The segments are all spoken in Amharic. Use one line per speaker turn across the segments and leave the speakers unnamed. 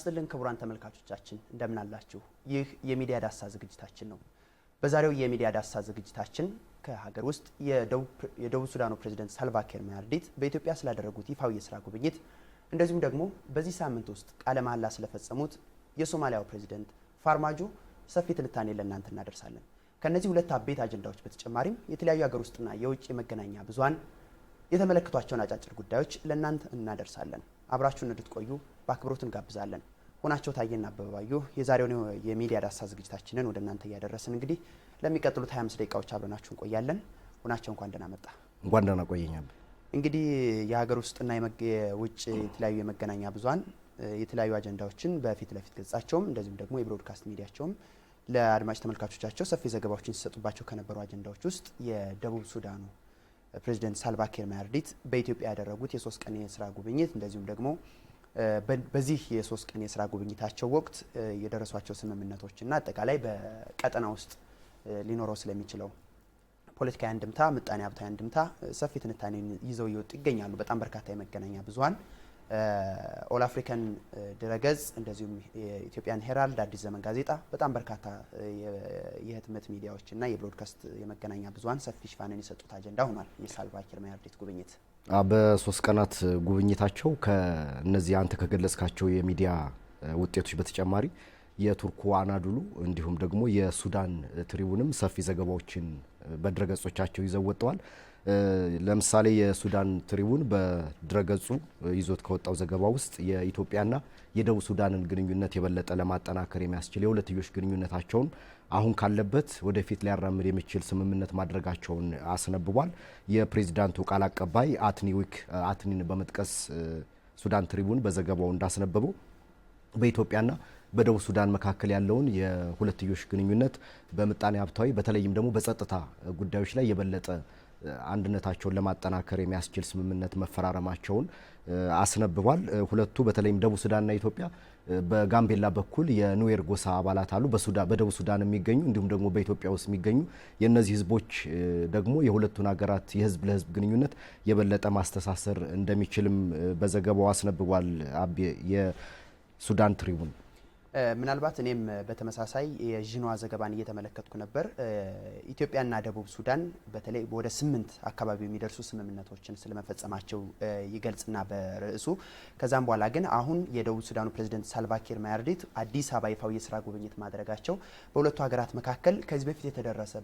ይስጥልን ክቡራን ተመልካቾቻችን እንደምን አላችሁ? ይህ የሚዲያ ዳሰሳ ዝግጅታችን ነው። በዛሬው የሚዲያ ዳሰሳ ዝግጅታችን ከሀገር ውስጥ የደቡብ ሱዳኑ ፕሬዝደንት ሳልቫኪር ማያርዲት በኢትዮጵያ ስላደረጉት ይፋዊ የስራ ጉብኝት እንደዚሁም ደግሞ በዚህ ሳምንት ውስጥ ቃለ መሐላ ስለፈጸሙት የሶማሊያው ፕሬዝደንት ፋርማጆ ሰፊ ትንታኔ ለእናንተ እናደርሳለን። ከእነዚህ ሁለት አበይት አጀንዳዎች በተጨማሪም የተለያዩ ሀገር ውስጥና የውጭ የመገናኛ ብዙሃን የተመለከቷቸውን አጫጭር ጉዳዮች ለእናንተ እናደርሳለን። አብራችሁን እንድትቆዩ በአክብሮት እንጋብዛለን። ሆናቸው ታየና አበባዩ የዛሬውን የሚዲያ ዳሰሳ ዝግጅታችንን ወደ እናንተ እያደረስን እንግዲህ ለሚቀጥሉት 25 ደቂቃዎች አብረናችሁ እንቆያለን። ሆናቸው እንኳን ደህና መጣ።
እንኳን ደህና ቆየኛል።
እንግዲህ የሀገር ውስጥና የውጭ የተለያዩ የመገናኛ ብዙሃን የተለያዩ አጀንዳዎችን በፊት ለፊት ገጻቸውም እንደዚሁም ደግሞ የብሮድካስት ሚዲያቸውም ለአድማጭ ተመልካቾቻቸው ሰፊ ዘገባዎችን ሲሰጡባቸው ከነበሩ አጀንዳዎች ውስጥ የደቡብ ሱዳኑ ፕሬዚደንት ሳልቫኪር ማያርዲት በኢትዮጵያ ያደረጉት የሶስት ቀን የስራ ጉብኝት እንደዚሁም ደግሞ በዚህ የሶስት ቀን የስራ ጉብኝታቸው ወቅት የደረሷቸው ስምምነቶችና አጠቃላይ በቀጠና ውስጥ ሊኖረው ስለሚችለው ፖለቲካዊ አንድምታ፣ ምጣኔ ሀብታዊ አንድምታ ሰፊ ትንታኔ ይዘው እየወጡ ይገኛሉ። በጣም በርካታ የመገናኛ ብዙኃን ኦል አፍሪካን ድረገጽ እንደዚሁም የኢትዮጵያን ሄራልድ፣ አዲስ ዘመን ጋዜጣ በጣም በርካታ የህትመት ሚዲያዎች እና የብሮድካስት የመገናኛ ብዙሀን ሰፊ ሽፋንን የሰጡት አጀንዳ ሆኗል። የሳልቫ ኪር ማያርዲት ጉብኝት
በሶስት ቀናት ጉብኝታቸው ከእነዚህ አንተ ከገለጽካቸው የሚዲያ ውጤቶች በተጨማሪ የቱርኩ አናዱሉ እንዲሁም ደግሞ የሱዳን ትሪቡንም ሰፊ ዘገባዎችን በድረገጾቻቸው ይዘው ወጥተዋል። ለምሳሌ የሱዳን ትሪቡን በድረገጹ ይዞት ከወጣው ዘገባ ውስጥ የኢትዮጵያና የደቡብ ሱዳንን ግንኙነት የበለጠ ለማጠናከር የሚያስችል የሁለትዮሽ ግንኙነታቸውን አሁን ካለበት ወደፊት ሊያራምድ የሚችል ስምምነት ማድረጋቸውን አስነብቧል። የፕሬዚዳንቱ ቃል አቀባይ አትኒዊክ አትኒን በመጥቀስ ሱዳን ትሪቡን በዘገባው እንዳስነበበው በኢትዮጵያና በደቡብ ሱዳን መካከል ያለውን የሁለትዮሽ ግንኙነት በምጣኔ ሀብታዊ በተለይም ደግሞ በጸጥታ ጉዳዮች ላይ የበለጠ አንድነታቸውን ለማጠናከር የሚያስችል ስምምነት መፈራረማቸውን አስነብቧል። ሁለቱ በተለይም ደቡብ ሱዳንና ኢትዮጵያ በጋምቤላ በኩል የኑዌር ጎሳ አባላት አሉ። በደቡብ ሱዳን የሚገኙ እንዲሁም ደግሞ በኢትዮጵያ ውስጥ የሚገኙ የእነዚህ ህዝቦች ደግሞ የሁለቱን ሀገራት የህዝብ ለህዝብ ግንኙነት የበለጠ ማስተሳሰር እንደሚችልም በዘገባው አስነብቧል። አቤ የሱዳን ትሪቡን
ምናልባት እኔም በተመሳሳይ የዥኗ ዘገባን እየተመለከትኩ ነበር። ኢትዮጵያና ደቡብ ሱዳን በተለይ ወደ ስምንት አካባቢ የሚደርሱ ስምምነቶችን ስለመፈጸማቸው ይገልጽና በርዕሱ ከዛም በኋላ ግን አሁን የደቡብ ሱዳኑ ፕሬዚደንት ሳልቫኪር ማያርዲት አዲስ አበባ ይፋዊ የስራ ጉብኝት ማድረጋቸው በሁለቱ ሀገራት መካከል ከዚህ በፊት የተደረሰ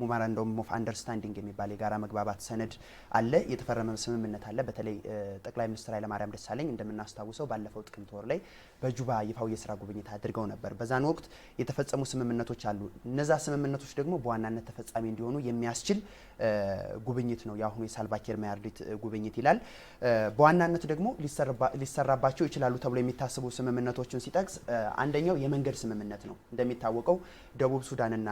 ሞመራንደም ኦፍ አንደርስታንዲንግ የሚባል የጋራ መግባባት ሰነድ አለ፣ የተፈረመ ስምምነት አለ። በተለይ ጠቅላይ ሚኒስትር ኃይለማርያም ደሳለኝ እንደምናስታውሰው ባለፈው ጥቅምት ወር ላይ በጁባ ይፋዊ የስራ ጉብኝት አድርገው ነበር። በዛን ወቅት የተፈጸሙ ስምምነቶች አሉ። እነዛ ስምምነቶች ደግሞ በዋናነት ተፈጻሚ እንዲሆኑ የሚያስችል ጉብኝት ነው የአሁኑ የሳልቫኪር ማያርዲት ጉብኝት ይላል። በዋናነት ደግሞ ሊሰራባቸው ይችላሉ ተብሎ የሚታስቡ ስምምነቶችን ሲጠቅስ አንደኛው የመንገድ ስምምነት ነው። እንደሚታወቀው ደቡብ ሱዳንና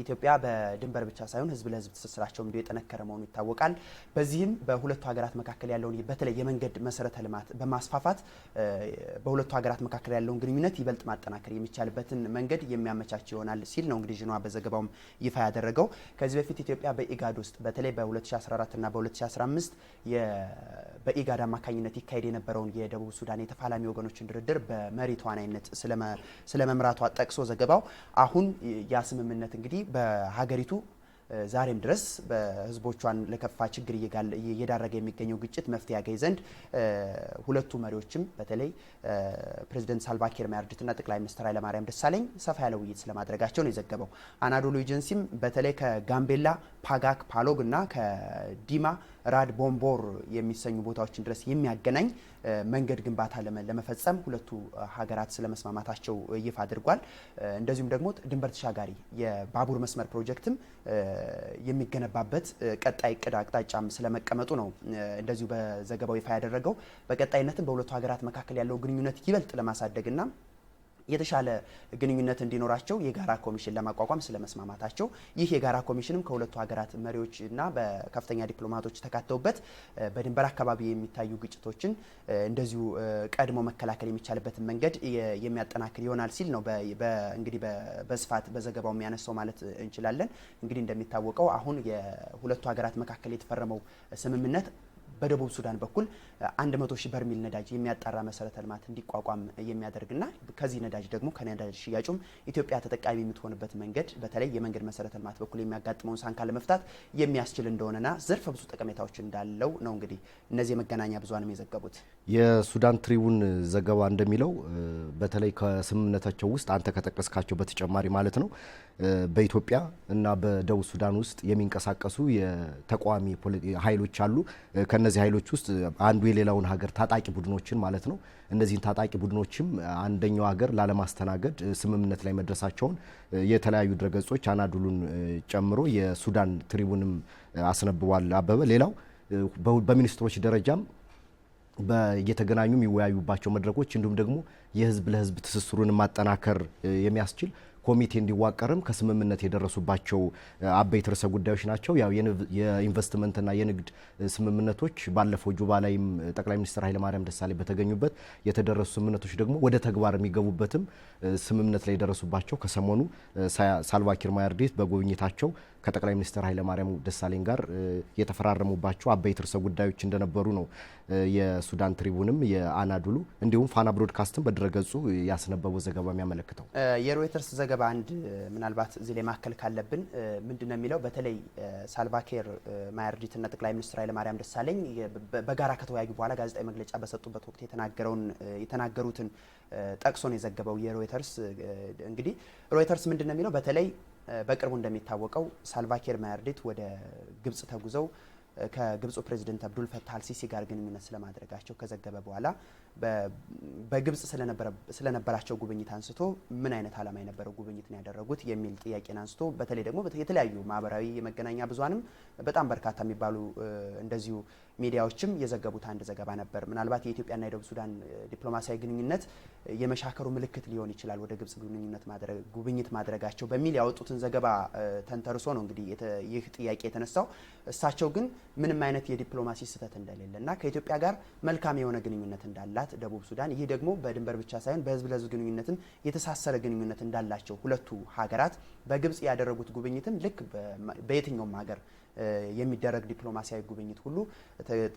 ኢትዮጵያ በድንበር ብቻ ሳይሆን ህዝብ ለህዝብ ትስስራቸው እንዲሁ የጠነከረ መሆኑ ይታወቃል። በዚህም በሁለቱ ሀገራት መካከል ያለውን በተለይ የመንገድ መሰረተ ልማት በማስፋፋት በሁለቱ ሀገራት መካከል ያለውን ግንኙነት ይበልጥ ማጠናከር የሚቻልበትን መንገድ የሚያመቻች ይሆናል ሲል ነው እንግዲህ ዥንዋ በዘገባውም ይፋ ያደረገው። ከዚህ በፊት ኢትዮጵያ በኢጋድ ውስጥ በተለይ በ2014 እና በ2015 በኢጋድ አማካኝነት ይካሄድ የነበረውን የደቡብ ሱዳን የተፋላሚ ወገኖችን ድርድር በመሪ ተዋናይነት ስለመምራቷ ጠቅሶ ዘገባው አሁን ያ ስምምነት እንግዲህ እንግዲህ በሀገሪቱ ዛሬም ድረስ በህዝቦቿን ለከፋ ችግር እየዳረገ የሚገኘው ግጭት መፍትሄ ያገኝ ዘንድ ሁለቱ መሪዎችም በተለይ ፕሬዚደንት ሳልቫኪር ማያርዲትና ጠቅላይ ሚኒስትር ኃይለማርያም ደሳለኝ ሰፋ ያለ ውይይት ስለማድረጋቸው ነው የዘገበው። አናዶሎ ኤጀንሲም በተለይ ከጋምቤላ ፓጋክ ፓሎግ እና ከዲማ ራድ ቦምቦር የሚሰኙ ቦታዎችን ድረስ የሚያገናኝ መንገድ ግንባታ ለመፈጸም ሁለቱ ሀገራት ስለመስማማታቸው ይፋ አድርጓል። እንደዚሁም ደግሞ ድንበር ተሻጋሪ የባቡር መስመር ፕሮጀክትም የሚገነባበት ቀጣይ እቅድ አቅጣጫም ስለመቀመጡ ነው እንደዚሁ በዘገባው ይፋ ያደረገው። በቀጣይነትም በሁለቱ ሀገራት መካከል ያለው ግንኙነት ይበልጥ ለማሳደግና የተሻለ ግንኙነት እንዲኖራቸው የጋራ ኮሚሽን ለማቋቋም ስለመስማማታቸው ይህ የጋራ ኮሚሽንም ከሁለቱ ሀገራት መሪዎች እና በከፍተኛ ዲፕሎማቶች ተካተውበት በድንበር አካባቢ የሚታዩ ግጭቶችን እንደዚሁ ቀድሞ መከላከል የሚቻልበትን መንገድ የሚያጠናክር ይሆናል ሲል ነው እንግዲህ በስፋት በዘገባው የሚያነሳው ማለት እንችላለን። እንግዲህ እንደሚታወቀው አሁን የሁለቱ ሀገራት መካከል የተፈረመው ስምምነት በደቡብ ሱዳን በኩል 100 ሺህ በርሜል ነዳጅ የሚያጣራ መሰረተ ልማት እንዲቋቋም የሚያደርግና ከዚህ ነዳጅ ደግሞ ከነዳጅ ሽያጩም ኢትዮጵያ ተጠቃሚ የምትሆንበት መንገድ በተለይ የመንገድ መሰረተ ልማት በኩል የሚያጋጥመውን ሳንካ ለመፍታት የሚያስችል እንደሆነና ዘርፈ ብዙ ጠቀሜታዎች እንዳለው ነው እንግዲህ እነዚህ የመገናኛ ብዙሃንም የዘገቡት።
የሱዳን ትሪቡን ዘገባ እንደሚለው በተለይ ከስምምነታቸው ውስጥ አንተ ከጠቀስካቸው በተጨማሪ ማለት ነው በኢትዮጵያ እና በደቡብ ሱዳን ውስጥ የሚንቀሳቀሱ የተቃዋሚ ኃይሎች አሉ ከነ ከእነዚህ ኃይሎች ውስጥ አንዱ የሌላውን ሀገር ታጣቂ ቡድኖችን ማለት ነው እነዚህን ታጣቂ ቡድኖችም አንደኛው ሀገር ላለማስተናገድ ስምምነት ላይ መድረሳቸውን የተለያዩ ድረገጾች አናዱሉን ጨምሮ የሱዳን ትሪቡንም አስነብቧል። አበበ ሌላው በሚኒስትሮች ደረጃም እየተገናኙ የሚወያዩባቸው መድረኮች እንዲሁም ደግሞ የህዝብ ለህዝብ ትስስሩን ማጠናከር የሚያስችል ኮሚቴ እንዲዋቀርም ከስምምነት የደረሱባቸው አበይት ርዕሰ ጉዳዮች ናቸው። ያው የኢንቨስትመንትና የንግድ ስምምነቶች ባለፈው ጁባ ላይም ጠቅላይ ሚኒስትር ኃይለማርያም ደሳለኝ በተገኙበት የተደረሱ ስምምነቶች ደግሞ ወደ ተግባር የሚገቡበትም ስምምነት ላይ የደረሱባቸው ከሰሞኑ ሳልቫኪር ማያርዲት በጉብኝታቸው ከጠቅላይ ሚኒስትር ኃይለማርያም ደሳለኝ ጋር የተፈራረሙባቸው አበይት ርዕሰ ጉዳዮች እንደነበሩ ነው የሱዳን ትሪቡንም የአናዱሉ እንዲሁም ፋና ብሮድካስትም በድረገጹ ያስነበበው ዘገባ የሚያመለክተው።
የሮይተርስ ዘገባ አንድ ምናልባት እዚህ ላይ ማከል ካለብን ምንድን ነው የሚለው በተለይ ሳልቫኪር ማያርዲትና ጠቅላይ ሚኒስትር ኃይለማርያም ደሳለኝ በጋራ ከተወያዩ በኋላ ጋዜጣዊ መግለጫ በሰጡበት ወቅት የተናገሩትን ጠቅሶ ነው የዘገበው የሮይተርስ። እንግዲህ ሮይተርስ ምንድን ነው የሚለው በተለይ በቅርቡ እንደሚታወቀው ሳልቫኪር ማያርዲት ወደ ግብጽ ተጉዘው ከግብፁ ፕሬዚደንት አብዱል ፈታህ አልሲሲ ጋር ግንኙነት ስለማድረጋቸው ከዘገበ በኋላ በግብጽ ስለነበራቸው ጉብኝት አንስቶ ምን አይነት ዓላማ የነበረው ጉብኝት ነው ያደረጉት የሚል ጥያቄን አንስቶ በተለይ ደግሞ የተለያዩ ማህበራዊ የመገናኛ ብዙሃንም በጣም በርካታ የሚባሉ እንደዚሁ ሚዲያዎችም የዘገቡት አንድ ዘገባ ነበር። ምናልባት የኢትዮጵያና የደቡብ ሱዳን ዲፕሎማሲያዊ ግንኙነት የመሻከሩ ምልክት ሊሆን ይችላል ወደ ግብጽ ግንኙነት ጉብኝት ማድረጋቸው በሚል ያወጡትን ዘገባ ተንተርሶ ነው እንግዲህ ይህ ጥያቄ የተነሳው። እሳቸው ግን ምንም አይነት የዲፕሎማሲ ስህተት እንደሌለ እና ከኢትዮጵያ ጋር መልካም የሆነ ግንኙነት እንዳለ ያላት ደቡብ ሱዳን። ይህ ደግሞ በድንበር ብቻ ሳይሆን በህዝብ ለህዝብ ግንኙነትም የተሳሰረ ግንኙነት እንዳላቸው ሁለቱ ሀገራት በግብጽ ያደረጉት ጉብኝትም ልክ በየትኛውም ሀገር የሚደረግ ዲፕሎማሲያዊ ጉብኝት ሁሉ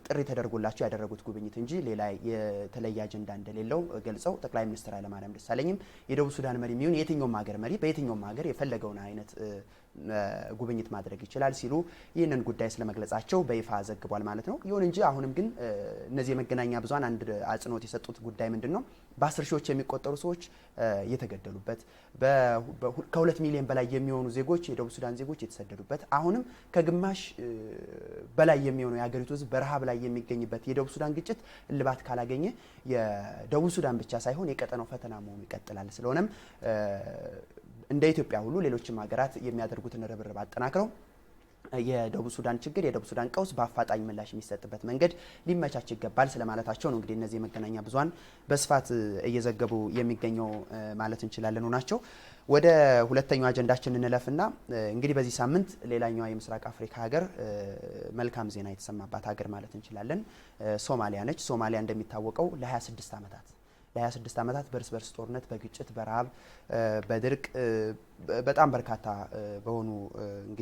ጥሪ ተደርጎላቸው ያደረጉት ጉብኝት እንጂ ሌላ የተለየ አጀንዳ እንደሌለው ገልጸው ጠቅላይ ሚኒስትር ኃይለማርያም ደሳለኝም የደቡብ ሱዳን መሪ የሚሆን የትኛውም ሀገር መሪ በየትኛውም ሀገር የፈለገውን አይነት ጉብኝት ማድረግ ይችላል ሲሉ ይህንን ጉዳይ ስለመግለጻቸው በይፋ ዘግቧል ማለት ነው። ይሁን እንጂ አሁንም ግን እነዚህ የመገናኛ ብዙን አንድ አጽንኦት የሰጡት ጉዳይ ምንድን ነው? በአስር ሺዎች የሚቆጠሩ ሰዎች የተገደሉበት፣ ከሁለት ሚሊዮን በላይ የሚሆኑ ዜጎች የደቡብ ሱዳን ዜጎች የተሰደዱበት፣ አሁንም ከግማሽ በላይ የሚሆነው የሀገሪቱ ሕዝብ በረሃብ ላይ የሚገኝበት የደቡብ ሱዳን ግጭት እልባት ካላገኘ የደቡብ ሱዳን ብቻ ሳይሆን የቀጠናው ፈተና መሆኑ ይቀጥላል። ስለሆነም እንደ ኢትዮጵያ ሁሉ ሌሎችም ሀገራት የሚያደርጉትን ርብርብ አጠናክረው የደቡብ ሱዳን ችግር የደቡብ ሱዳን ቀውስ በአፋጣኝ ምላሽ የሚሰጥበት መንገድ ሊመቻች ይገባል ስለማለታቸው ነው። እንግዲህ እነዚህ የመገናኛ ብዙኃን በስፋት እየዘገቡ የሚገኘው ማለት እንችላለን ናቸው። ወደ ሁለተኛው አጀንዳችን እንለፍና እንግዲህ በዚህ ሳምንት ሌላኛዋ የምስራቅ አፍሪካ ሀገር መልካም ዜና የተሰማባት ሀገር ማለት እንችላለን ሶማሊያ ነች። ሶማሊያ እንደሚታወቀው ለ26 ዓመታት ለ26 ዓመታት በእርስ በርስ ጦርነት፣ በግጭት፣ በረሃብ፣ በድርቅ በጣም በርካታ በሆኑ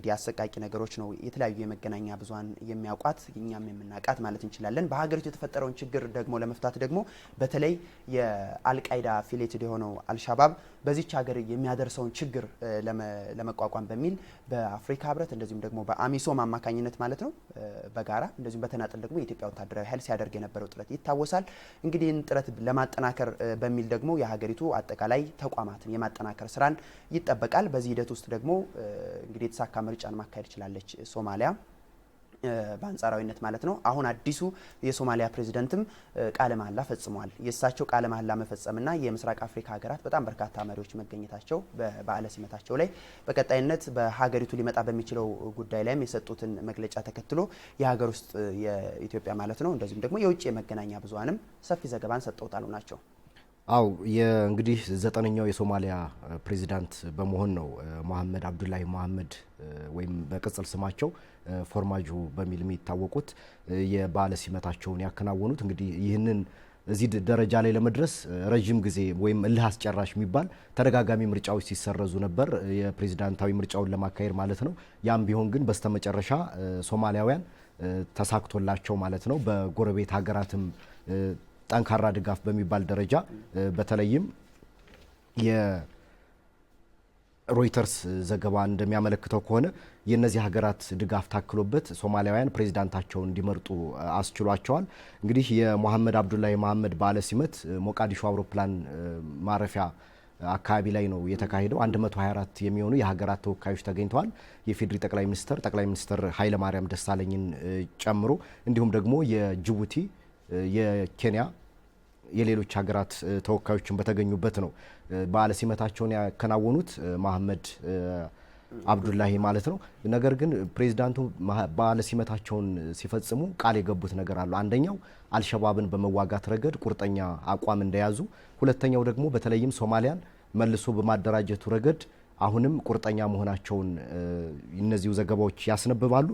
እንግዲህ አሰቃቂ ነገሮች ነው የተለያዩ የመገናኛ ብዙሀን የሚያውቋት እኛም የምናውቃት ማለት እንችላለን። በሀገሪቱ የተፈጠረውን ችግር ደግሞ ለመፍታት ደግሞ በተለይ የአልቃይዳ ፊሌትድ የሆነው አልሻባብ በዚች ሀገር የሚያደርሰውን ችግር ለመቋቋም በሚል በአፍሪካ ህብረት እንደዚሁም ደግሞ በአሚሶም አማካኝነት ማለት ነው በጋራ እንደዚሁም በተናጠል ደግሞ የኢትዮጵያ ወታደራዊ ኃይል ሲያደርግ የነበረው ጥረት ይታወሳል። እንግዲህ ይህን ጥረት ለማጠናከር በሚል ደግሞ የሀገሪቱ አጠቃላይ ተቋማትን የማጠናከር ስራን ይጠበቃል። በዚህ ሂደት ውስጥ ደግሞ እንግዲህ የተሳካ ምርጫን ማካሄድ ችላለች ሶማሊያ በአንጻራዊነት ማለት ነው። አሁን አዲሱ የሶማሊያ ፕሬዚደንትም ቃለ መሀላ ፈጽሟል። የእሳቸው ቃለ መሀላ መፈጸምና የምስራቅ አፍሪካ ሀገራት በጣም በርካታ መሪዎች መገኘታቸው በበዓለ ሲመታቸው ላይ በቀጣይነት በሀገሪቱ ሊመጣ በሚችለው ጉዳይ ላይም የሰጡትን መግለጫ ተከትሎ የሀገር ውስጥ የኢትዮጵያ ማለት ነው እንደዚሁም ደግሞ የውጭ የመገናኛ ብዙኃንም ሰፊ ዘገባን ሰጠውታሉ ናቸው
አው እንግዲህ ዘጠነኛው የሶማሊያ ፕሬዚዳንት በመሆን ነው መሐመድ አብዱላሂ መሀመድ ወይም በቅጽል ስማቸው ፎርማጆ በሚል የሚታወቁት የባለ ሲመታቸውን ያከናወኑት። እንግዲህ ይህንን እዚህ ደረጃ ላይ ለመድረስ ረዥም ጊዜ ወይም እልህ አስጨራሽ የሚባል ተደጋጋሚ ምርጫዎች ሲሰረዙ ነበር፣ የፕሬዚዳንታዊ ምርጫውን ለማካሄድ ማለት ነው። ያም ቢሆን ግን በስተመጨረሻ ሶማሊያውያን ተሳክቶላቸው ማለት ነው በጎረቤት ሀገራትም ጠንካራ ድጋፍ በሚባል ደረጃ በተለይም የሮይተርስ ዘገባ እንደሚያመለክተው ከሆነ የእነዚህ ሀገራት ድጋፍ ታክሎበት ሶማሊያውያን ፕሬዚዳንታቸውን እንዲመርጡ አስችሏቸዋል። እንግዲህ የሞሐመድ አብዱላሂ መሐመድ በዓለ ሲመት ሞቃዲሾ አውሮፕላን ማረፊያ አካባቢ ላይ ነው የተካሄደው። 124 የሚሆኑ የሀገራት ተወካዮች ተገኝተዋል። የፌዴሪ ጠቅላይ ሚኒስተር ጠቅላይ ሚኒስተር ኃይለማርያም ደሳለኝን ጨምሮ እንዲሁም ደግሞ የጅቡቲ የኬንያ የሌሎች ሀገራት ተወካዮችን በተገኙበት ነው በዓለ ሲመታቸውን ያከናወኑት መሐመድ አብዱላሂ ማለት ነው። ነገር ግን ፕሬዚዳንቱ በዓለ ሲመታቸውን ሲፈጽሙ ቃል የገቡት ነገር አሉ። አንደኛው አልሸባብን በመዋጋት ረገድ ቁርጠኛ አቋም እንደያዙ፣ ሁለተኛው ደግሞ በተለይም ሶማሊያን መልሶ በማደራጀቱ ረገድ አሁንም ቁርጠኛ መሆናቸውን እነዚሁ ዘገባዎች ያስነብባሉ።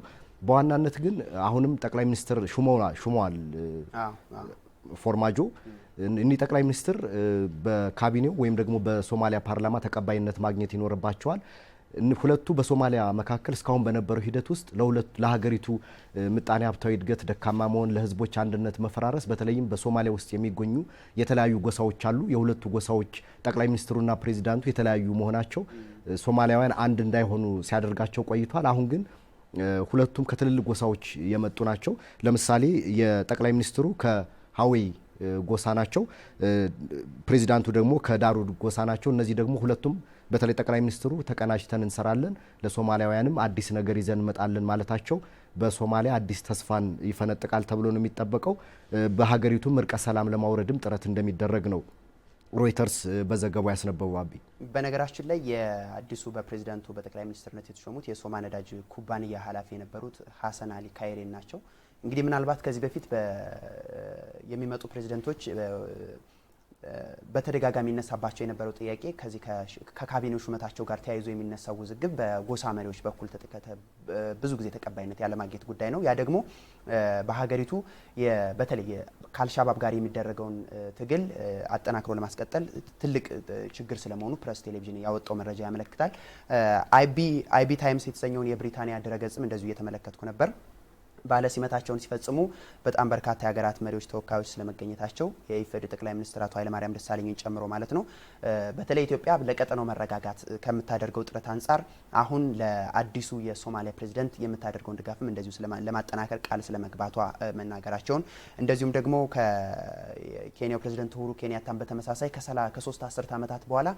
በዋናነት ግን አሁንም ጠቅላይ ሚኒስትር ሹመዋል ፎርማጆ እኒህ ጠቅላይ ሚኒስትር በካቢኔው ወይም ደግሞ በሶማሊያ ፓርላማ ተቀባይነት ማግኘት ይኖርባቸዋል። ሁለቱ በሶማሊያ መካከል እስካሁን በነበረው ሂደት ውስጥ ለሀገሪቱ ምጣኔ ሀብታዊ እድገት ደካማ መሆን፣ ለህዝቦች አንድነት መፈራረስ፣ በተለይም በሶማሊያ ውስጥ የሚገኙ የተለያዩ ጎሳዎች አሉ። የሁለቱ ጎሳዎች ጠቅላይ ሚኒስትሩና ፕሬዚዳንቱ የተለያዩ መሆናቸው ሶማሊያውያን አንድ እንዳይሆኑ ሲያደርጋቸው ቆይቷል። አሁን ግን ሁለቱም ከትልልቅ ጎሳዎች የመጡ ናቸው። ለምሳሌ የጠቅላይ ሚኒስትሩ ከሀዌይ ጎሳ ናቸው። ፕሬዚዳንቱ ደግሞ ከዳሩድ ጎሳ ናቸው። እነዚህ ደግሞ ሁለቱም በተለይ ጠቅላይ ሚኒስትሩ ተቀናጅተን እንሰራለን፣ ለሶማሊያውያንም አዲስ ነገር ይዘን እንመጣለን ማለታቸው በሶማሊያ አዲስ ተስፋን ይፈነጥቃል ተብሎ ነው የሚጠበቀው። በሀገሪቱም እርቀ ሰላም ለማውረድም ጥረት እንደሚደረግ ነው ሮይተርስ በዘገባው አቢ
በነገራችን ላይ የአዲሱ በፕሬዚዳንቱ በጠቅላይ ሚኒስትርነት የተሾሙት የሶማ ነዳጅ ኩባንያ ኃላፊ የነበሩት ሀሰን አሊ ካይሬን ናቸው። እንግዲህ ምናልባት ከዚህ በፊት የሚመጡ ፕሬዚደንቶች በተደጋጋሚ ይነሳባቸው የነበረው ጥያቄ ከዚህ ከካቢኔው ሹመታቸው ጋር ተያይዞ የሚነሳው ውዝግብ በጎሳ መሪዎች በኩል ብዙ ጊዜ ተቀባይነት ያለማግኘት ጉዳይ ነው። ያ ደግሞ በሀገሪቱ በተለይ ከአልሻባብ ጋር የሚደረገውን ትግል አጠናክሮ ለማስቀጠል ትልቅ ችግር ስለመሆኑ ፕረስ ቴሌቪዥን ያወጣው መረጃ ያመለክታል። አይቢ ታይምስ የተሰኘውን የብሪታንያ ድረገጽም እንደዚሁ እየተመለከትኩ ነበር። ባለ ሲመታቸውን ሲፈጽሙ በጣም በርካታ የሀገራት መሪዎች ተወካዮች ስለመገኘታቸው የኢፌድ ጠቅላይ ሚኒስትር አቶ ኃይለማርያም ደሳለኝን ጨምሮ ማለት ነው። በተለይ ኢትዮጵያ ለቀጠናው መረጋጋት ከምታደርገው ጥረት አንጻር አሁን ለአዲሱ የሶማሊያ ፕሬዚደንት የምታደርገውን ድጋፍም እንደዚሁ ለማጠናከር ቃል ስለመግባቷ መናገራቸውን እንደዚሁም ደግሞ ከኬንያው ፕሬዚደንት ሁሩ ኬንያታን በተመሳሳይ ከሶስት አስርት ዓመታት በኋላ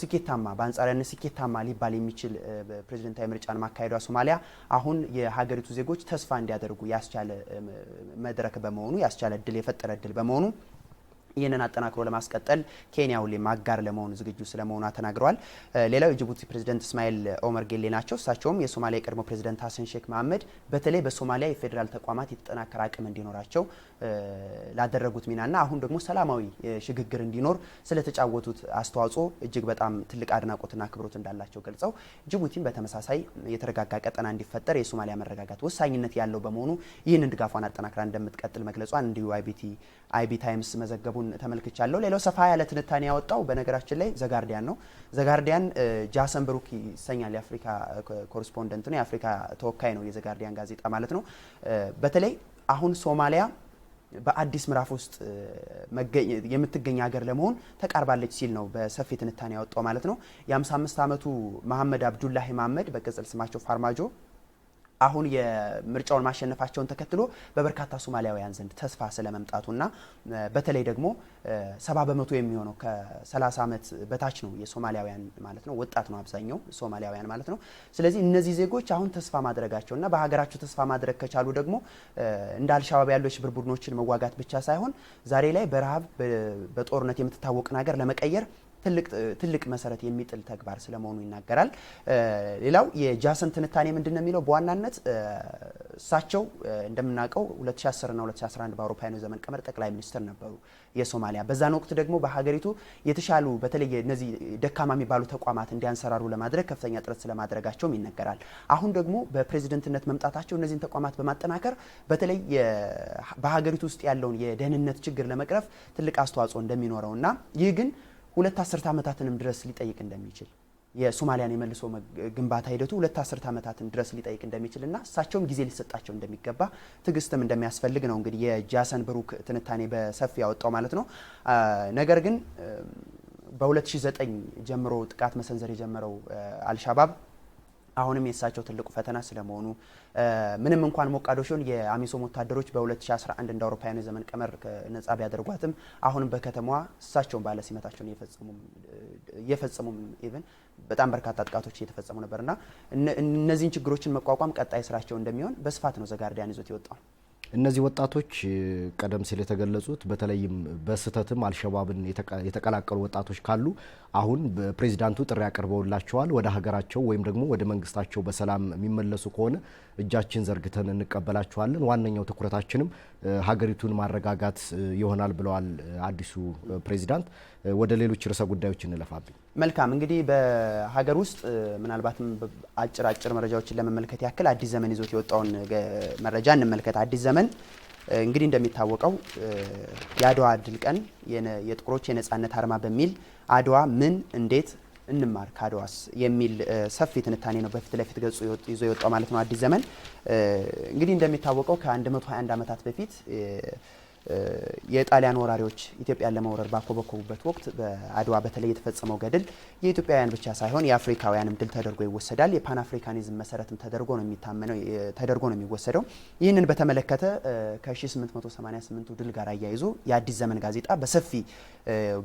ስኬታማ በአንጻራዊነት ስኬታማ ሊባል የሚችል ፕሬዚደንታዊ ምርጫን ማካሄዷ ሶማሊያ አሁን የሀገሪቱ ዜጎች ተስፋ እንዲ እንዲያደርጉ ያስቻለ መድረክ በመሆኑ ያስቻለ እድል የፈጠረ እድል በመሆኑ ይህንን አጠናክሮ ለማስቀጠል ኬንያ ሁሌም አጋር ለመሆኑ ዝግጁ ስለመሆኗ ተናግረዋል። ሌላው የጅቡቲ ፕሬዚደንት እስማኤል ኦመር ጌሌ ናቸው። እሳቸውም የሶማሊያ የቀድሞ ፕሬዚደንት ሀሰን ሼክ መሀመድ በተለይ በሶማሊያ የፌዴራል ተቋማት የተጠናከረ አቅም እንዲኖራቸው ላደረጉት ሚናና አሁን ደግሞ ሰላማዊ ሽግግር እንዲኖር ስለተጫወቱት አስተዋጽኦ እጅግ በጣም ትልቅ አድናቆትና አክብሮት እንዳላቸው ገልጸው ጅቡቲም በተመሳሳይ የተረጋጋ ቀጠና እንዲፈጠር የሶማሊያ መረጋጋት ወሳኝነት ያለው በመሆኑ ይህንን ድጋፏን አጠናክራ እንደምትቀጥል መግለጿን እንዲሁ አይቢቲ አይቢ ታይምስ መዘገቡን ተመልክቻለሁ። ሌላው ሰፋ ያለ ትንታኔ ያወጣው በነገራችን ላይ ዘጋርዲያን ነው። ዘጋርዲያን ጃሰን ብሩክ ይሰኛል፣ የአፍሪካ ኮረስፖንደንት ነው፣ የአፍሪካ ተወካይ ነው፣ የዘጋርዲያን ጋዜጣ ማለት ነው። በተለይ አሁን ሶማሊያ በአዲስ ምዕራፍ ውስጥ የምትገኝ ሀገር ለመሆን ተቃርባለች ሲል ነው በሰፊ ትንታኔ ያወጣው ማለት ነው። የ55 ዓመቱ መሐመድ አብዱላሂ መሐመድ በቅጽል ስማቸው ፋርማጆ አሁን የምርጫውን ማሸነፋቸውን ተከትሎ በበርካታ ሶማሊያውያን ዘንድ ተስፋ ስለመምጣቱና በተለይ ደግሞ ሰባ በመቶ የሚሆነው ከ30 ዓመት በታች ነው የሶማሊያውያን ማለት ነው ወጣት ነው አብዛኛው ሶማሊያውያን ማለት ነው። ስለዚህ እነዚህ ዜጎች አሁን ተስፋ ማድረጋቸውና በሀገራቸው ተስፋ ማድረግ ከቻሉ ደግሞ እንደ አልሻባብ ያሉ የሽብር ቡድኖችን መዋጋት ብቻ ሳይሆን ዛሬ ላይ በረሃብ በጦርነት የምትታወቅን ሀገር ለመቀየር ትልቅ መሰረት የሚጥል ተግባር ስለመሆኑ ይናገራል። ሌላው የጃሰን ትንታኔ ምንድን ነው የሚለው በዋናነት እሳቸው እንደምናውቀው 2010 እና 2011 በአውሮፓውያኑ ዘመን ቀመር ጠቅላይ ሚኒስትር ነበሩ የሶማሊያ። በዛን ወቅት ደግሞ በሀገሪቱ የተሻሉ በተለይ እነዚህ ደካማ የሚባሉ ተቋማት እንዲያንሰራሩ ለማድረግ ከፍተኛ ጥረት ስለማድረጋቸውም ይነገራል። አሁን ደግሞ በፕሬዚደንትነት መምጣታቸው እነዚህን ተቋማት በማጠናከር በተለይ በሀገሪቱ ውስጥ ያለውን የደህንነት ችግር ለመቅረፍ ትልቅ አስተዋጽኦ እንደሚኖረው እና ይህ ግን ሁለት አስርት ዓመታትንም ድረስ ሊጠይቅ እንደሚችል የሶማሊያን የመልሶ ግንባታ ሂደቱ ሁለት አስርተ ዓመታትን ድረስ ሊጠይቅ እንደሚችል እና እሳቸውም ጊዜ ሊሰጣቸው እንደሚገባ ትዕግስትም እንደሚያስፈልግ ነው እንግዲህ የጃሰን ብሩክ ትንታኔ በሰፊ ያወጣው ማለት ነው። ነገር ግን በ2009 ጀምሮ ጥቃት መሰንዘር የጀመረው አልሻባብ አሁንም የእሳቸው ትልቁ ፈተና ስለመሆኑ ምንም እንኳን ሞቃዲሾን የአሚሶም ወታደሮች በ2011 እንደ አውሮፓውያኑ ዘመን ቀመር ነጻ ቢያደርጓትም አሁንም በከተማዋ እሳቸውን ባለ ሲመታቸውን የፈጸሙም ኢቭን በጣም በርካታ ጥቃቶች እየተፈጸሙ ነበርና እነዚህን ችግሮችን መቋቋም ቀጣይ ስራቸው እንደሚሆን በስፋት ነው ዘጋርዲያን ይዞት ይወጣል።
እነዚህ ወጣቶች ቀደም ሲል የተገለጹት በተለይም በስህተትም አልሸባብን የተቀላቀሉ ወጣቶች ካሉ አሁን ፕሬዚዳንቱ ጥሪ አቅርበውላቸዋል። ወደ ሀገራቸው ወይም ደግሞ ወደ መንግስታቸው በሰላም የሚመለሱ ከሆነ እጃችን ዘርግተን እንቀበላችኋለን። ዋነኛው ትኩረታችንም ሀገሪቱን ማረጋጋት ይሆናል ብለዋል አዲሱ ፕሬዚዳንት። ወደ ሌሎች ርዕሰ ጉዳዮች እንለፋብኝ።
መልካም እንግዲህ በሀገር ውስጥ ምናልባትም አጭር አጭር መረጃዎችን ለመመልከት ያክል አዲስ ዘመን ይዞት የወጣውን መረጃ እንመልከት። አዲስ ዘመን እንግዲህ እንደሚታወቀው የአድዋ ድል ቀን የጥቁሮች የነጻነት አርማ በሚል አድዋ ምን፣ እንዴት፣ እንማር ካድዋስ የሚል ሰፊ ትንታኔ ነው በፊት ለፊት ገጹ ይዞ የወጣው ማለት ነው አዲስ ዘመን። እንግዲህ እንደሚታወቀው ከ121 ዓመታት በፊት የጣሊያን ወራሪዎች ኢትዮጵያን ለመውረር ባኮበኮቡበት ወቅት በአድዋ በተለይ የተፈጸመው ገድል የኢትዮጵያውያን ብቻ ሳይሆን የአፍሪካውያንም ድል ተደርጎ ይወሰዳል። የፓን አፍሪካኒዝም መሰረትም ተደርጎ ነው የሚታመነው ተደርጎ ነው የሚወሰደው። ይህንን በተመለከተ ከ 1888 ድል ጋር አያይዞ የአዲስ ዘመን ጋዜጣ በሰፊ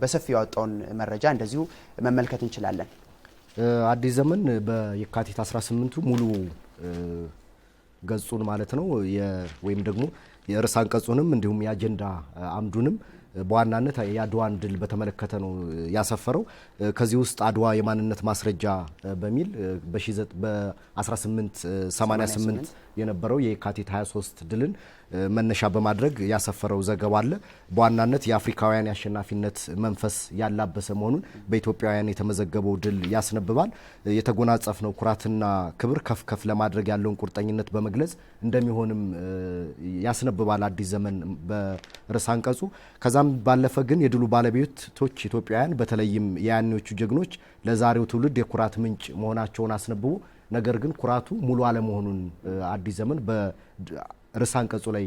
በሰፊ ያወጣውን መረጃ እንደዚሁ መመልከት እንችላለን።
አዲስ ዘመን በየካቲት 18ቱ ሙሉ ገጹን ማለት ነው ወይም ደግሞ የርዕስ አንቀጹንም እንዲሁም የአጀንዳ አምዱንም በዋናነት የአድዋን ድል በተመለከተ ነው ያሰፈረው። ከዚህ ውስጥ አድዋ የማንነት ማስረጃ በሚል በ1888 የነበረው የካቲት 23 ድልን መነሻ በማድረግ ያሰፈረው ዘገባ አለ። በዋናነት የአፍሪካውያን የአሸናፊነት መንፈስ ያላበሰ መሆኑን በኢትዮጵያውያን የተመዘገበው ድል ያስነብባል። የተጎናጸፍነው ኩራትና ክብር ከፍ ከፍ ለማድረግ ያለውን ቁርጠኝነት በመግለጽ እንደሚሆንም ያስነብባል አዲስ ዘመን በርስ አንቀጹ። ከዛም ባለፈ ግን የድሉ ባለቤቶች ኢትዮጵያውያን በተለይም የያኔዎቹ ጀግኖች ለዛሬው ትውልድ የኩራት ምንጭ መሆናቸውን አስነብቦ ነገር ግን ኩራቱ ሙሉ አለመሆኑን አዲስ ዘመን በርዕሰ አንቀጹ ላይ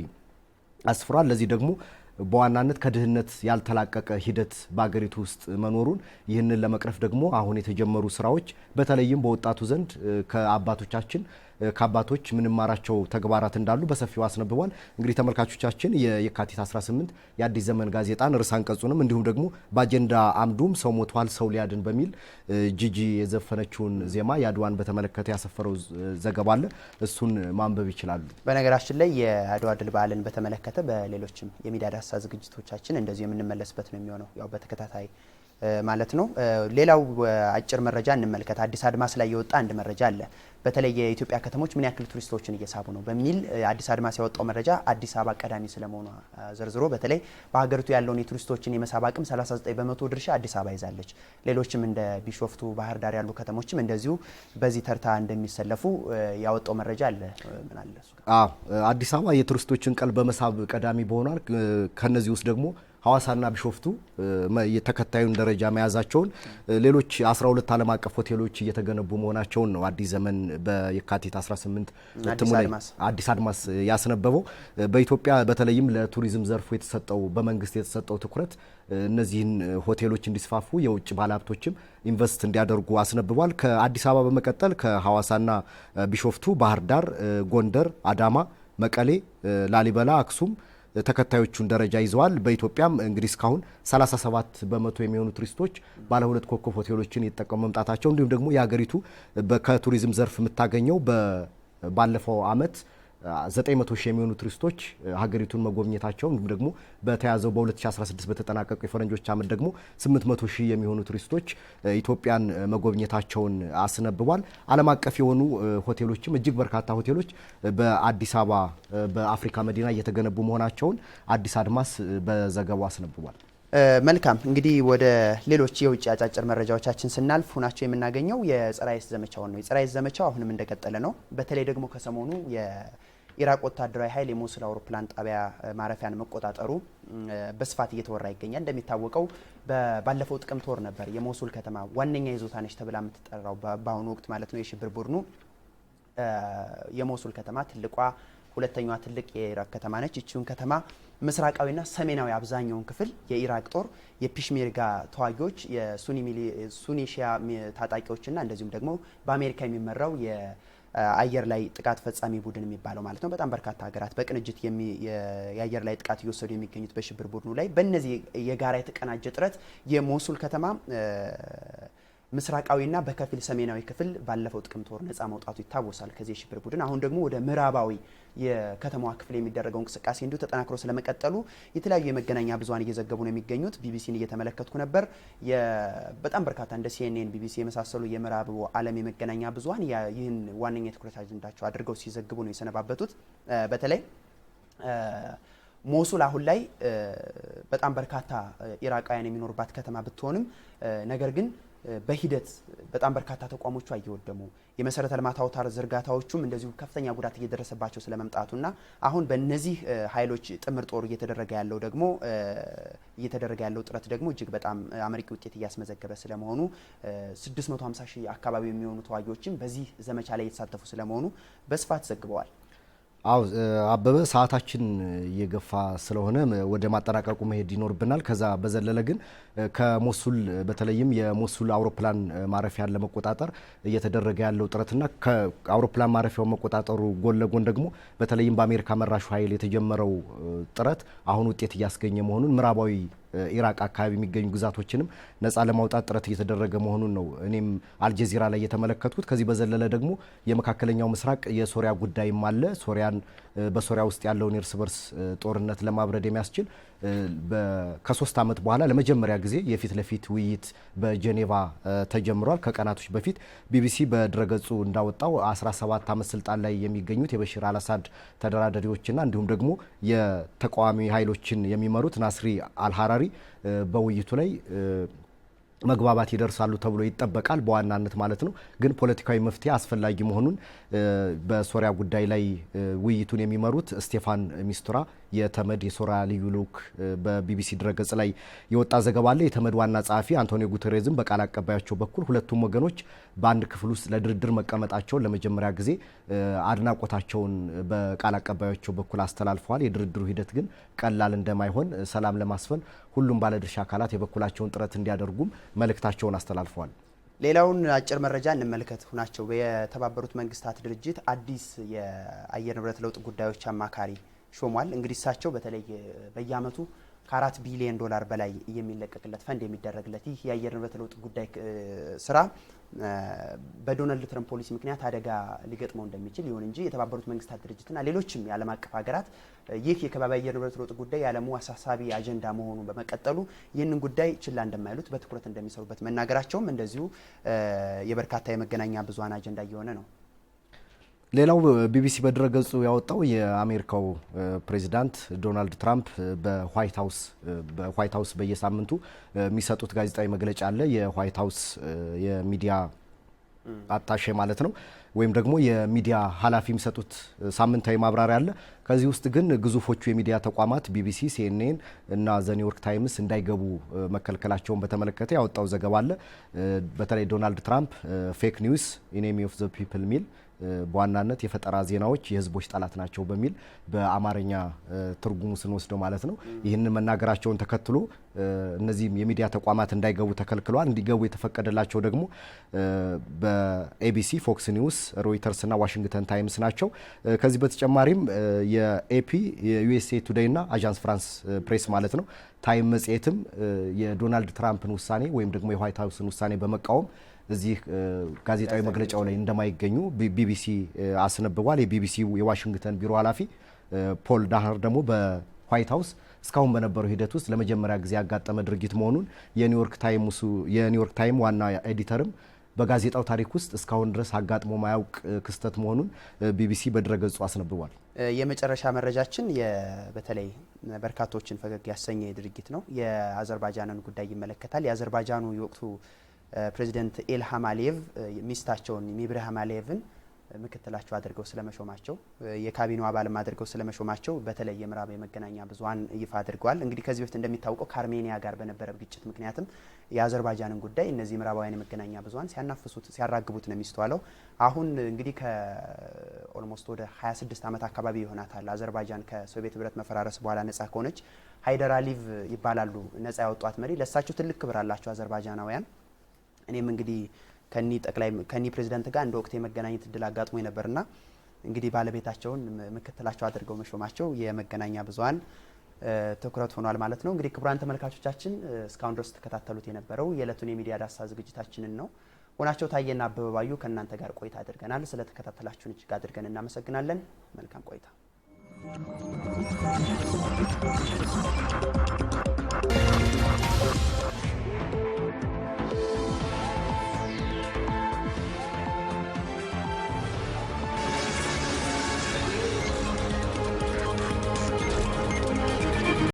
አስፍሯል። ለዚህ ደግሞ በዋናነት ከድህነት ያልተላቀቀ ሂደት በአገሪቱ ውስጥ መኖሩን ይህንን ለመቅረፍ ደግሞ አሁን የተጀመሩ ስራዎች በተለይም በወጣቱ ዘንድ ከአባቶቻችን ከአባቶች ምንማራቸው ተግባራት እንዳሉ በሰፊው አስነብቧል። እንግዲህ ተመልካቾቻችን የካቲት 18 የአዲስ ዘመን ጋዜጣን ርዕሰ አንቀጹንም እንዲሁም ደግሞ በአጀንዳ አምዱም ሰው ሞቷል ሰው ሊያድን በሚል ጂጂ የዘፈነችውን ዜማ የአድዋን በተመለከተ ያሰፈረው ዘገባ አለ። እሱን ማንበብ ይችላሉ።
በነገራችን ላይ የአድዋ ድል በዓልን በተመለከተ በሌሎችም የሚዳዳሳ ዝግጅቶቻችን እንደዚሁ የምንመለስበት ነው የሚሆነው ያው በተከታታይ ማለት ነው። ሌላው አጭር መረጃ እንመልከት። አዲስ አድማስ ላይ የወጣ አንድ መረጃ አለ። በተለይ የኢትዮጵያ ከተሞች ምን ያክል ቱሪስቶችን እየሳቡ ነው በሚል አዲስ አድማስ ያወጣው መረጃ አዲስ አበባ ቀዳሚ ስለመሆኗ ዘርዝሮ በተለይ በሀገሪቱ ያለውን የቱሪስቶችን የመሳብ አቅም 39 በመቶ ድርሻ አዲስ አበባ ይዛለች። ሌሎችም እንደ ቢሾፍቱ፣ ባህር ዳር ያሉ ከተሞችም እንደዚሁ በዚህ ተርታ እንደሚሰለፉ ያወጣው መረጃ አለ። ምን አለ?
አዲስ አበባ የቱሪስቶችን ቀልብ በመሳብ ቀዳሚ በሆኗል። ከነዚህ ውስጥ ደግሞ ሐዋሳና ቢሾፍቱ የተከታዩን ደረጃ መያዛቸውን ሌሎች 12 ዓለም አቀፍ ሆቴሎች እየተገነቡ መሆናቸውን ነው አዲስ ዘመን በየካቲት 18 እትሙ ላይ አዲስ አድማስ ያስነበበው። በኢትዮጵያ በተለይም ለቱሪዝም ዘርፉ የተሰጠው በመንግስት የተሰጠው ትኩረት እነዚህን ሆቴሎች እንዲስፋፉ የውጭ ባለሀብቶችም ኢንቨስት እንዲያደርጉ አስነብቧል። ከአዲስ አበባ በመቀጠል ከሐዋሳና ቢሾፍቱ ባህር ዳር፣ ጎንደር፣ አዳማ፣ መቀሌ፣ ላሊበላ፣ አክሱም ተከታዮቹን ደረጃ ይዘዋል። በኢትዮጵያም እንግዲህ እስካሁን 37 በመቶ የሚሆኑ ቱሪስቶች ባለ ሁለት ኮከብ ሆቴሎችን እየተጠቀሙ መምጣታቸው እንዲሁም ደግሞ የሀገሪቱ ከቱሪዝም ዘርፍ የምታገኘው ባለፈው አመት ዘጠኝ መቶ ሺህ የሚሆኑ ቱሪስቶች ሀገሪቱን መጎብኘታቸው እንዲሁም ደግሞ በተያዘው በ2016 በተጠናቀቁ የፈረንጆች አመት ደግሞ 800 ሺህ የሚሆኑ ቱሪስቶች ኢትዮጵያን መጎብኘታቸውን አስነብቧል። ዓለም አቀፍ የሆኑ ሆቴሎችም እጅግ በርካታ ሆቴሎች በአዲስ አበባ በአፍሪካ መዲና እየተገነቡ መሆናቸውን አዲስ አድማስ በዘገባው አስነብቧል። መልካም
እንግዲህ ወደ ሌሎች የውጭ አጫጭር መረጃዎቻችን ስናልፍ ሁናቸው የምናገኘው የጸረ አይስ ዘመቻውን ነው። የጸረ ዘመቻው አሁንም እንደቀጠለ ነው። በተለይ ደግሞ ከሰሞኑ የኢራቅ ወታደራዊ ኃይል የሞሱል አውሮፕላን ጣቢያ ማረፊያን መቆጣጠሩ በስፋት እየተወራ ይገኛል። እንደሚታወቀው ባለፈው ጥቅምት ወር ነበር የሞሱል ከተማ ዋነኛ ይዞታ ነች ተብላ የምትጠራው በአሁኑ ወቅት ማለት ነው የሽብር ቡድኑ የሞሱል ከተማ ትልቋ ሁለተኛዋ ትልቅ የኢራቅ ከተማ ነች። እቺውን ከተማ ምስራቃዊና ሰሜናዊ አብዛኛውን ክፍል የኢራቅ ጦር የፒሽሜርጋ ተዋጊዎች የሱኒ ሺያ ታጣቂዎችና እንደዚሁም ደግሞ በአሜሪካ የሚመራው የአየር ላይ ጥቃት ፈጻሚ ቡድን የሚባለው ማለት ነው። በጣም በርካታ ሀገራት በቅንጅት የአየር ላይ ጥቃት እየወሰዱ የሚገኙት በሽብር ቡድኑ ላይ በእነዚህ የጋራ የተቀናጀ ጥረት የሞሱል ከተማ ምስራቃዊና በከፊል ሰሜናዊ ክፍል ባለፈው ጥቅምት ወር ነፃ መውጣቱ ይታወሳል ከዚህ የሽብር ቡድን። አሁን ደግሞ ወደ ምዕራባዊ የከተማዋ ክፍል የሚደረገው እንቅስቃሴ እንዲሁ ተጠናክሮ ስለመቀጠሉ የተለያዩ የመገናኛ ብዙኃን እየዘገቡ ነው የሚገኙት። ቢቢሲን እየተመለከትኩ ነበር። በጣም በርካታ እንደ ሲኤንኤን፣ ቢቢሲ የመሳሰሉ የምዕራብ ዓለም የመገናኛ ብዙኃን ይህን ዋነኛ የትኩረት አጀንዳቸው አድርገው ሲዘግቡ ነው የሰነባበቱት። በተለይ ሞሱል አሁን ላይ በጣም በርካታ ኢራቃውያን የሚኖርባት ከተማ ብትሆንም ነገር ግን በሂደት በጣም በርካታ ተቋሞቹ እየወደሙ የመሰረተ ልማት አውታር ዝርጋታዎቹም እንደዚሁ ከፍተኛ ጉዳት እየደረሰባቸው ስለመምጣቱና አሁን በእነዚህ ኃይሎች ጥምር ጦር እየተደረገ ያለው ደግሞ እየተደረገ ያለው ጥረት ደግሞ እጅግ በጣም አመርቂ ውጤት እያስመዘገበ ስለመሆኑ 650 ሺህ አካባቢ የሚሆኑ ተዋጊዎችም በዚህ ዘመቻ ላይ የተሳተፉ ስለመሆኑ በስፋት ዘግበዋል።
አው አበበ ሰዓታችን እየገፋ ስለሆነ ወደ ማጠናቀቁ መሄድ ይኖርብናል። ከዛ በዘለለ ግን ከሞሱል በተለይም የሞሱል አውሮፕላን ማረፊያን ለመቆጣጠር እየተደረገ ያለው ጥረትና ከአውሮፕላን ማረፊያው መቆጣጠሩ ጎን ለጎን ደግሞ በተለይም በአሜሪካ መራሹ ኃይል የተጀመረው ጥረት አሁን ውጤት እያስገኘ መሆኑን ምዕራባዊ ኢራቅ አካባቢ የሚገኙ ግዛቶችንም ነጻ ለማውጣት ጥረት እየተደረገ መሆኑን ነው እኔም አልጀዚራ ላይ የተመለከትኩት። ከዚህ በዘለለ ደግሞ የመካከለኛው ምስራቅ የሶሪያ ጉዳይም አለ። ሶሪያን በሶሪያ ውስጥ ያለውን እርስ በርስ ጦርነት ለማብረድ የሚያስችል ከሶስት ዓመት በኋላ ለመጀመሪያ ጊዜ የፊት ለፊት ውይይት በጀኔቫ ተጀምሯል። ከቀናቶች በፊት ቢቢሲ በድረገጹ እንዳወጣው 17 ዓመት ስልጣን ላይ የሚገኙት የበሽር አልአሳድ ተደራዳሪዎችና እንዲሁም ደግሞ የተቃዋሚ ኃይሎችን የሚመሩት ናስሪ አልሀራሪ በውይይቱ ላይ መግባባት ይደርሳሉ ተብሎ ይጠበቃል። በዋናነት ማለት ነው። ግን ፖለቲካዊ መፍትሄ አስፈላጊ መሆኑን በሶሪያ ጉዳይ ላይ ውይይቱን የሚመሩት ስቴፋን ሚስቱራ የተመድ የሶራ ልዩ ልዑክ በቢቢሲ ድረገጽ ላይ የወጣ ዘገባ አለ። የተመድ ዋና ጸሐፊ አንቶኒዮ ጉተሬዝም በቃል አቀባያቸው በኩል ሁለቱም ወገኖች በአንድ ክፍል ውስጥ ለድርድር መቀመጣቸውን ለመጀመሪያ ጊዜ አድናቆታቸውን በቃል አቀባያቸው በኩል አስተላልፈዋል። የድርድሩ ሂደት ግን ቀላል እንደማይሆን፣ ሰላም ለማስፈን ሁሉም ባለድርሻ አካላት የበኩላቸውን ጥረት እንዲያደርጉም መልእክታቸውን አስተላልፈዋል።
ሌላውን አጭር መረጃ እንመልከት። ሁናቸው የተባበሩት መንግስታት ድርጅት አዲስ የአየር ንብረት ለውጥ ጉዳዮች አማካሪ ሾሟል። እንግዲህ እሳቸው በተለይ በየአመቱ ከአራት ቢሊዮን ዶላር በላይ የሚለቀቅለት ፈንድ የሚደረግለት ይህ የአየር ንብረት ለውጥ ጉዳይ ስራ በዶናልድ ትረምፕ ፖሊሲ ምክንያት አደጋ ሊገጥመው እንደሚችል ይሁን እንጂ የተባበሩት መንግስታት ድርጅትና ሌሎችም የዓለም አቀፍ ሀገራት ይህ የከባቢ አየር ንብረት ለውጥ ጉዳይ የዓለሙ አሳሳቢ አጀንዳ መሆኑን በመቀጠሉ ይህንን ጉዳይ ችላ እንደማይሉት በትኩረት እንደሚሰሩበት መናገራቸውም እንደዚሁ የበርካታ የመገናኛ ብዙሀን አጀንዳ እየሆነ ነው።
ሌላው ቢቢሲ በድረገጹ ያወጣው የአሜሪካው ፕሬዚዳንት ዶናልድ ትራምፕ በዋይት ሀውስ በዋይት ሀውስ በየሳምንቱ የሚሰጡት ጋዜጣዊ መግለጫ አለ። የዋይት ሀውስ የሚዲያ አታሼ ማለት ነው ወይም ደግሞ የሚዲያ ኃላፊ የሚሰጡት ሳምንታዊ ማብራሪያ አለ። ከዚህ ውስጥ ግን ግዙፎቹ የሚዲያ ተቋማት ቢቢሲ፣ ሲኤንኤን እና ዘኒውዮርክ ታይምስ እንዳይገቡ መከልከላቸውን በተመለከተ ያወጣው ዘገባ አለ። በተለይ ዶናልድ ትራምፕ ፌክ ኒውስ ኢኔሚ ኦፍ ዘ ፒፕል ሚል በዋናነት የፈጠራ ዜናዎች የህዝቦች ጠላት ናቸው በሚል በአማርኛ ትርጉሙ ስንወስደው ማለት ነው። ይህንን መናገራቸውን ተከትሎ እነዚህም የሚዲያ ተቋማት እንዳይገቡ ተከልክለዋል። እንዲገቡ የተፈቀደላቸው ደግሞ በኤቢሲ፣ ፎክስ ኒውስ፣ ሮይተርስ እና ዋሽንግተን ታይምስ ናቸው። ከዚህ በተጨማሪም የኤፒ፣ የዩኤስኤ ቱዴይ እና አዣንስ ፍራንስ ፕሬስ ማለት ነው ታይም መጽሔትም የዶናልድ ትራምፕን ውሳኔ ወይም ደግሞ የዋይት ሀውስን ውሳኔ በመቃወም እዚህ ጋዜጣዊ መግለጫው ላይ እንደማይገኙ ቢቢሲ አስነብቧል። የቢቢሲ የዋሽንግተን ቢሮ ኃላፊ ፖል ዳህር ደግሞ በዋይት ሀውስ እስካሁን በነበረው ሂደት ውስጥ ለመጀመሪያ ጊዜ ያጋጠመ ድርጊት መሆኑን የኒውዮርክ ታይም ዋና ኤዲተርም በጋዜጣው ታሪክ ውስጥ እስካሁን ድረስ አጋጥሞ ማያውቅ ክስተት መሆኑን ቢቢሲ በድረገጹ አስነብቧል።
የመጨረሻ መረጃችን በተለይ በርካቶችን ፈገግ ያሰኘ ድርጊት ነው። የአዘርባጃንን ጉዳይ ይመለከታል። የአዘርባጃኑ የወቅቱ ፕሬዚደንት ኢልሃም አሊየቭ ሚስታቸውን ሚብርሃም አሊየቭን ምክትላቸው አድርገው ስለመሾማቸው የካቢኔው አባልም አድርገው ስለመሾማቸው በተለይ የምዕራብ የመገናኛ ብዙሃን ይፋ አድርገዋል። እንግዲህ ከዚህ በፊት እንደሚታወቀው ከአርሜኒያ ጋር በነበረ ግጭት ምክንያትም የአዘርባጃንን ጉዳይ እነዚህ ምዕራባውያን የመገናኛ ብዙኃን ሲያናፍሱት፣ ሲያራግቡት ነው የሚስተዋለው። አሁን እንግዲህ ከኦልሞስት ወደ 26 ዓመት አካባቢ ይሆናታል አዘርባይጃን ከሶቪየት ህብረት መፈራረስ በኋላ ነጻ ከሆነች። ሃይደር አሊቭ ይባላሉ ነጻ ያወጧት መሪ። ለእሳቸው ትልቅ ክብር አላቸው አዘርባጃናውያን። እኔም እንግዲህ ከኒ ጠቅላይ ከኒ ፕሬዚዳንት ጋር እንደ ወቅት የመገናኘት እድል አጋጥሞ ነበርና እንግዲህ ባለቤታቸውን ምክትላቸው አድርገው መሾማቸው የመገናኛ ብዙሀን ትኩረት ሆኗል ማለት ነው። እንግዲህ ክቡራን ተመልካቾቻችን እስካሁን ድረስ ተከታተሉት የነበረው የዕለቱን የሚዲያ ዳሰሳ ዝግጅታችንን ነው። ሆናቸው ታየና አበበባዩ ከእናንተ ጋር ቆይታ አድርገናል። ስለተከታተላችሁን እጅግ አድርገን እናመሰግናለን። መልካም ቆይታ